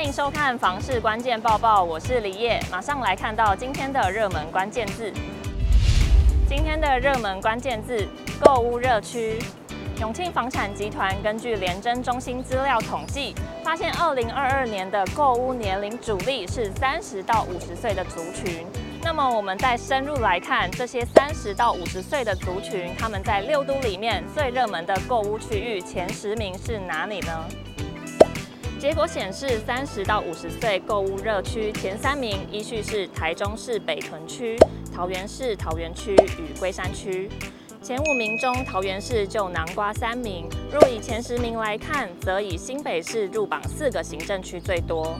歡迎收看《房市關鍵報報》，我是李葉，馬上來看到今天的熱門關鍵字。今天的熱門關鍵字：購屋熱區。永慶房產集團根據聯徵中心資料統計，發現二零二二年的購屋年齡主力是三十到五十歲的族群。那麼，我們再深入來看，這些三十到五十歲的族群，他們在六都裡面最熱門的購屋區域前十名是哪裡呢？結果顯示，三十到五十歲購屋熱區前三名依序是台中市北屯區、桃園市桃園區與龜山區。前五名中，桃園市就囊括三名。若以前十名來看，則以新北市入榜四個行政區最多。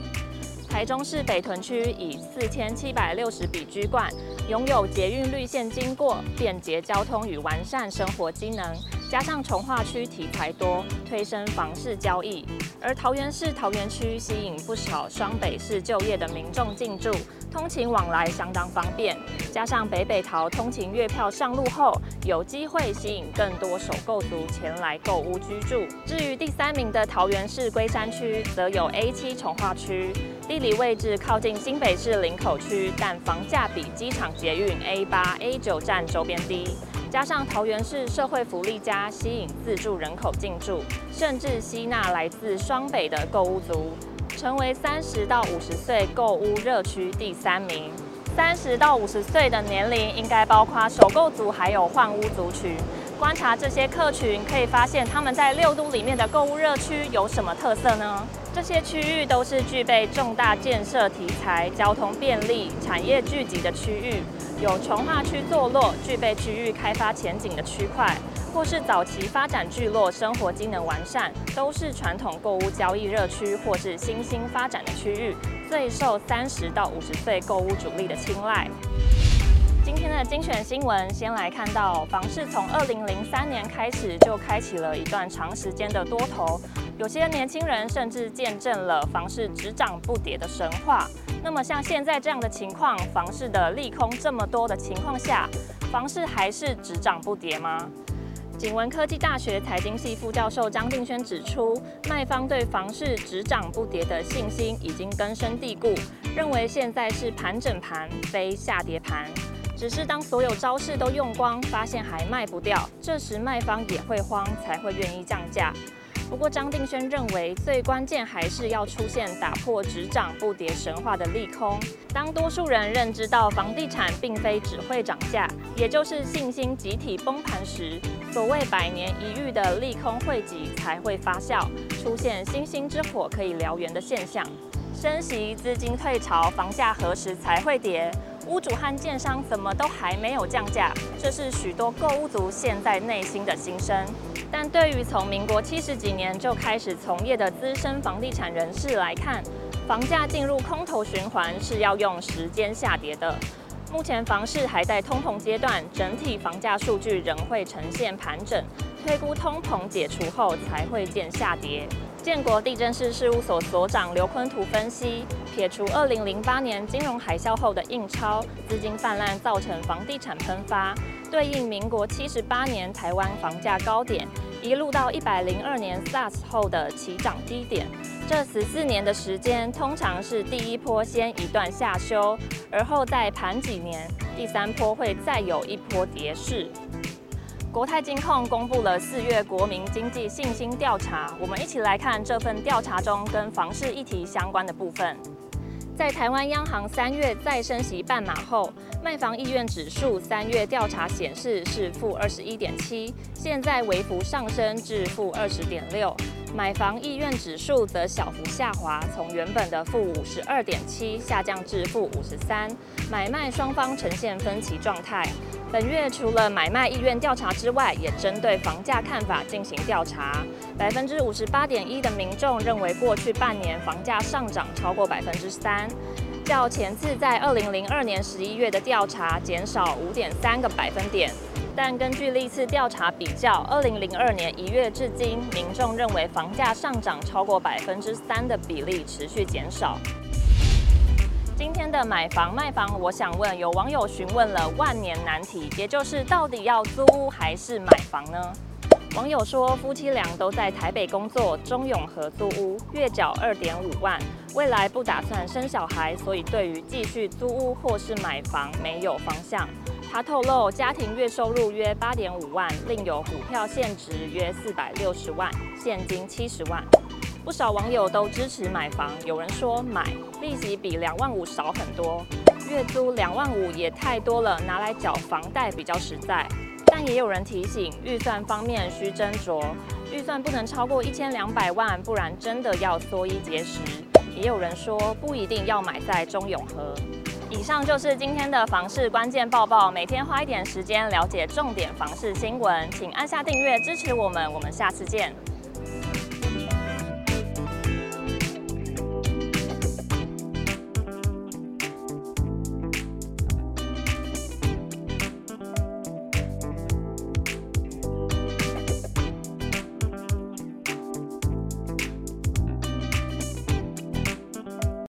台中市北屯區以四千七百六十筆居冠，擁有捷運綠線經過，便捷交通與完善生活機能。加上重劃區題材多，推升房市交易；而桃園市桃園區吸引不少雙北市就業的民眾進駐，通勤往來相當方便。加上北北桃通勤月票上路後，有機會吸引更多首購族前來購屋居住。至於第三名的桃園市龜山區，則有 A 七重劃區，地理位置靠近新北市林口區，但房價比機場捷運 A 八、A 九站周邊低。加上桃園市社會福利佳，吸引自住人口進駐，甚至吸納來自雙北的購屋族，成為三十到五十歲購屋熱區第三名。三十到五十歲的年齡應該包括首購族還有換屋族群。觀察這些客群，可以發現他們在六都裡面的購屋熱區有什麼特色呢？這些區域都是具備重大建設題材、交通便利、產業聚集的區域，有重劃區坐落、具備區域開發前景的區塊，或是早期發展聚落、生活機能完善，都是傳統購屋交易熱區或是新興發展的區域，最受三十到五十歲購屋主力的青睞。今天的精選新聞，先來看到房市從二零零三年開始就開啟了一段長時間的多頭。有些年輕人甚至見證了房市只漲不跌的神話。那麼，像現在這樣的情況，房市的利空這麼多的情況下，房市還是只漲不跌嗎？景文科技大學財經系副教授張定軒指出，賣方對房市只漲不跌的信心已經根深蒂固，認為現在是盤整盤，非下跌盤。只是當所有招式都用光，發現還賣不掉，這時賣方也會慌，才會願意降價。不過，張定軒認為，最關鍵還是要出現打破“只漲不跌”神話的利空。當多數人認知到房地產並非只會漲價，也就是信心集體崩盤時，所謂百年一遇的利空匯集才會發酵，出現星星之火可以燎原的現象。升息、資金退潮，房價何時才會跌？屋主和建商怎麼都還沒有降價，這是許多購屋族現在內心的心聲。但對於從民國七十幾年就開始從業的資深房地產人士來看，房價進入空頭循環是要用時間下跌的。目前房市還在通膨階段，整體房價數據仍會呈現盤整，推估通膨解除後才會見下跌。建國地政士事務所所長劉坤圖分析，撇除二零零八年金融海嘯後的印鈔、資金泛濫造成房地產噴發，對應民國七十八年台灣房價高點，一路到一百零二年 SARS 後的起漲低點，這十四年的時間，通常是第一波先一段下修，而後再盤幾年，第三波會再有一波跌勢。國泰金控公布了四月國民經濟信心調查，我們一起來看這份調查中跟房市議題相關的部分。在台灣央行三月再升息半碼後，賣房意願指數三月調查顯示是負二十一點七，現在微幅上升至負二十點六。買房意願指數則小幅下滑，從原本的負五十二點七下降至負五十三，買賣雙方呈現分歧狀態。本月除了買賣意願調查之外，也針對房價看法進行調查。百分之五十八點一的民眾認為過去半年房價上漲超過百分之三，較前次在二零零二年十一月的調查減少五點三個百分點。但根據歷次調查比較，二零零二年一月至今，民眾認為房價上漲超過百分之三的比例持續減少。今天的買房賣房，我想問，有網友詢問了萬年難題，也就是到底要租屋還是買房呢？網友說夫妻倆都在台北工作，中永和租屋，月繳二點五萬，未來不打算生小孩，所以對於繼續租屋或是買房沒有方向。他透露，家庭月收入約八點五萬，另有股票現值約四百六十萬，現金七十萬。不少網友都支持買房，有人說買，利息比兩萬五少很多，月租兩萬五也太多了，拿來繳房貸比較實在。但也有人提醒，預算方面需斟酌，預算不能超過一千兩百萬，不然真的要縮衣節食。也有人說，不一定要買在中永和。以上就是今天的房市關鍵報報。每天花一點時間了解重點房市新聞，請按下訂閱支持我們。我們下次見。